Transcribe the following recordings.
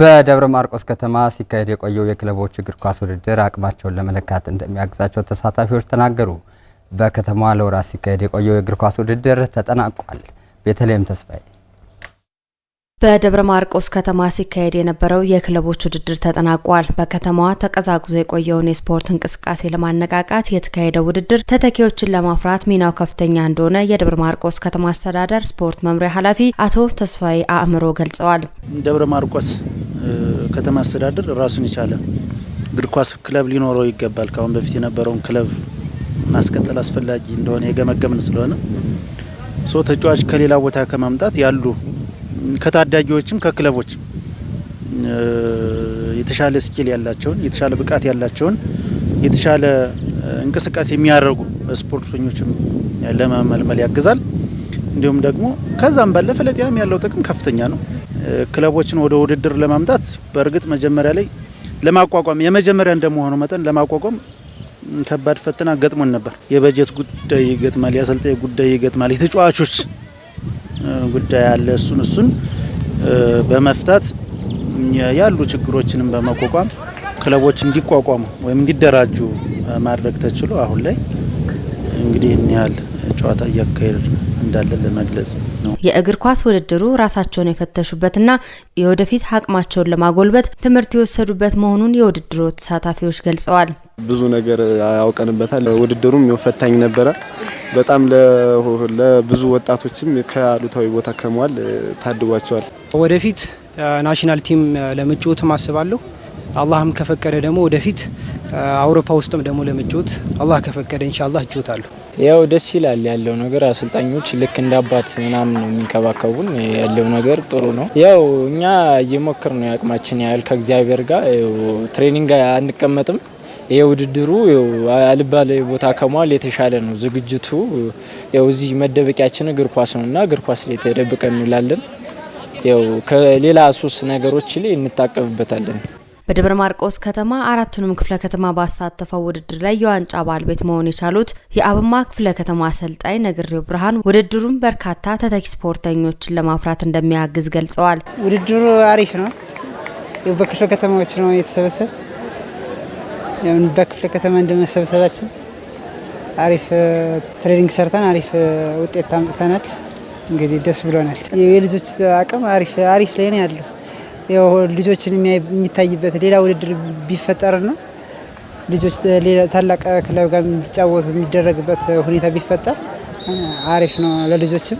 በደብረ ማርቆስ ከተማ ሲካሄድ የቆየው የክለቦች እግር ኳስ ውድድር አቅማቸውን ለመለካት እንደሚያግዛቸው ተሳታፊዎች ተናገሩ። በከተማዋ ለወራት ሲካሄድ የቆየው የእግር ኳስ ውድድር ተጠናቋል። ቤተልሔም ተስፋዬ በደብረ ማርቆስ ከተማ ሲካሄድ የነበረው የክለቦች ውድድር ተጠናቋል። በከተማዋ ተቀዛቅዞ የቆየውን የስፖርት እንቅስቃሴ ለማነቃቃት የተካሄደው ውድድር ተተኪዎችን ለማፍራት ሚናው ከፍተኛ እንደሆነ የደብረ ማርቆስ ከተማ አስተዳደር ስፖርት መምሪያ ኃላፊ አቶ ተስፋዬ አእምሮ ገልጸዋል። ደብረ ማርቆስ ከተማ አስተዳደር ራሱን የቻለ እግር ኳስ ክለብ ሊኖረው ይገባል። ከአሁን በፊት የነበረውን ክለብ ማስቀጠል አስፈላጊ እንደሆነ የገመገምን ስለሆነ ሰው ተጫዋች ከሌላ ቦታ ከማምጣት ያሉ ከታዳጊዎችም ከክለቦችም የተሻለ ስኪል ያላቸውን የተሻለ ብቃት ያላቸውን የተሻለ እንቅስቃሴ የሚያደርጉ ስፖርተኞችም ለመመልመል ያግዛል። እንዲሁም ደግሞ ከዛም ባለፈ ለጤናም ያለው ጥቅም ከፍተኛ ነው። ክለቦችን ወደ ውድድር ለማምጣት በእርግጥ መጀመሪያ ላይ ለማቋቋም የመጀመሪያ እንደመሆኑ መጠን ለማቋቋም ከባድ ፈተና ገጥሞን ነበር። የበጀት ጉዳይ ይገጥማል፣ የአሰልጣኝ ጉዳይ ይገጥማል፣ የተጫዋቾች ጉዳይ አለ። እሱን እሱን በመፍታት ያሉ ችግሮችንም በመቋቋም ክለቦች እንዲቋቋሙ ወይም እንዲደራጁ ማድረግ ተችሎ አሁን ላይ እንግዲህ ይህን ያህል ጨዋታ እያካሄድ እንዳለ ለመግለጽ ነው። የእግር ኳስ ውድድሩ ራሳቸውን የፈተሹበትና የወደፊት አቅማቸውን ለማጎልበት ትምህርት የወሰዱበት መሆኑን የውድድሩ ተሳታፊዎች ገልጸዋል። ብዙ ነገር ያውቀንበታል ውድድሩም ፈታኝ ነበረ። በጣም ለብዙ ወጣቶችም ከአሉታዊ ቦታ ከመዋል ታድጓቸዋል። ወደፊት ናሽናል ቲም ለመጫወት አስባለሁ። አላህም ከፈቀደ ደግሞ ወደፊት አውሮፓ ውስጥም ደግሞ ለመጫወት አላህ ከፈቀደ ኢንሻአላህ እጫወታለሁ። ያው ደስ ይላል ያለው ነገር አሰልጣኞች ልክ እንደ አባት ምናምን ነው የሚንከባከቡን። ያለው ነገር ጥሩ ነው። ያው እኛ እየሞከር ነው ያቅማችን ያህል ከእግዚአብሔር ጋር ትሬኒንግ አንቀመጥም ይሄ ውድድሩ አልባሌ ቦታ ከመዋል የተሻለ ነው። ዝግጅቱ ያው እዚህ መደበቂያችን እግር ኳስ ነውና እግር ኳስ ላይ እንላለን። ያው ከሌላ ሶስት ነገሮች ላይ እንታቀብበታለን። በደብረ ማርቆስ ከተማ አራቱንም ክፍለ ከተማ ባሳተፈው ውድድር ላይ የዋንጫ ባለቤት መሆን የቻሉት የአብማ ክፍለ ከተማ አሰልጣኝ ነግሬው ብርሃን ውድድሩም በርካታ ተተኪ ስፖርተኞችን ለማፍራት እንደሚያግዝ ገልጸዋል። ውድድሩ አሪፍ ነው። በክፍለ ከተማዎች ነው የተሰበሰብ በክፍለ ከተማ እንደመሰብሰባችን አሪፍ ትሬኒንግ ሰርተን አሪፍ ውጤት ታምጥተናል። እንግዲህ ደስ ብሎናል። የልጆች አቅም አሪፍ አሪፍ ላይ ነው ያለው። ያው ልጆችን የሚታይበት ሌላ ውድድር ቢፈጠር ነው። ልጆች ታላቅ ክለብ ጋር እንዲጫወቱ የሚደረግበት ሁኔታ ቢፈጠር አሪፍ ነው ለልጆችም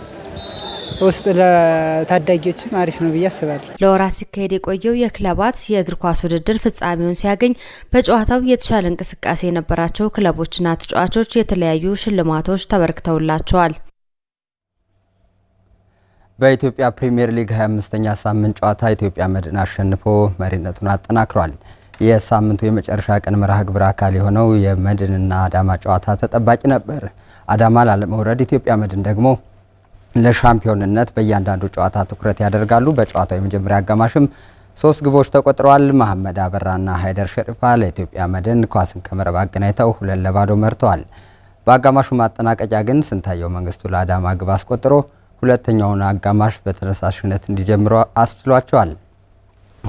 ውስጥ ለታዳጊዎችም አሪፍ ነው ብዬ አስባለሁ። ለወራት ሲካሄድ የቆየው የክለባት የእግር ኳስ ውድድር ፍጻሜውን ሲያገኝ በጨዋታው የተሻለ እንቅስቃሴ የነበራቸው ክለቦችና ተጫዋቾች የተለያዩ ሽልማቶች ተበርክተውላቸዋል። በኢትዮጵያ ፕሪምየር ሊግ 25ኛ ሳምንት ጨዋታ ኢትዮጵያ መድን አሸንፎ መሪነቱን አጠናክሯል። የሳምንቱ የመጨረሻ ቀን መርሃ ግብር አካል የሆነው የመድንና አዳማ ጨዋታ ተጠባቂ ነበር። አዳማ ላለመውረድ ኢትዮጵያ መድን ደግሞ ለሻምፒዮንነት በእያንዳንዱ ጨዋታ ትኩረት ያደርጋሉ። በጨዋታው የመጀመሪያ አጋማሽም ሶስት ግቦች ተቆጥረዋል። መሐመድ አበራና ሀይደር ሸሪፋ ለኢትዮጵያ መድን ኳስን ከመረብ አገናኝተው ሁለት ለባዶ መርተዋል። በአጋማሹ ማጠናቀቂያ ግን ስንታየው መንግስቱ ለአዳማ ግብ አስቆጥሮ ሁለተኛውን አጋማሽ በተነሳሽነት እንዲጀምሩ አስችሏቸዋል።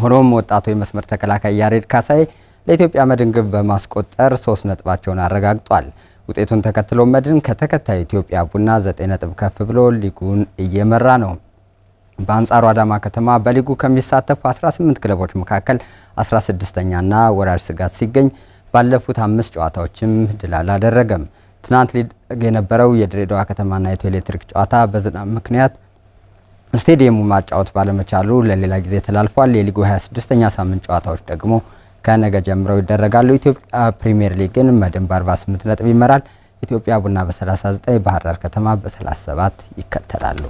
ሆኖም ወጣቱ የመስመር ተከላካይ ያሬድ ካሳይ ለኢትዮጵያ መድን ግብ በማስቆጠር ሶስት ነጥባቸውን አረጋግጧል። ውጤቱን ተከትሎ መድን ከተከታዩ ኢትዮጵያ ቡና 9 ነጥብ ከፍ ብሎ ሊጉን እየመራ ነው። በአንጻሩ አዳማ ከተማ በሊጉ ከሚሳተፉ 18 ክለቦች መካከል 16ኛና ወራጅ ስጋት ሲገኝ ባለፉት አምስት ጨዋታዎችም ድል አላደረገም። ትናንት ሊደረግ የነበረው የድሬዳዋ ከተማና ኢትዮ ኤሌክትሪክ ጨዋታ በዝናብ ምክንያት ስቴዲየሙ ማጫወት ባለመቻሉ ለሌላ ጊዜ ተላልፏል። የሊጉ 26ኛ ሳምንት ጨዋታዎች ደግሞ ከነገ ጀምረው ይደረጋሉ። ኢትዮጵያ ፕሪሚየር ሊግን መድን በ48 ነጥብ ይመራል። ኢትዮጵያ ቡና በ39፣ ባህር ዳር ከተማ በ37 ይከተላሉ።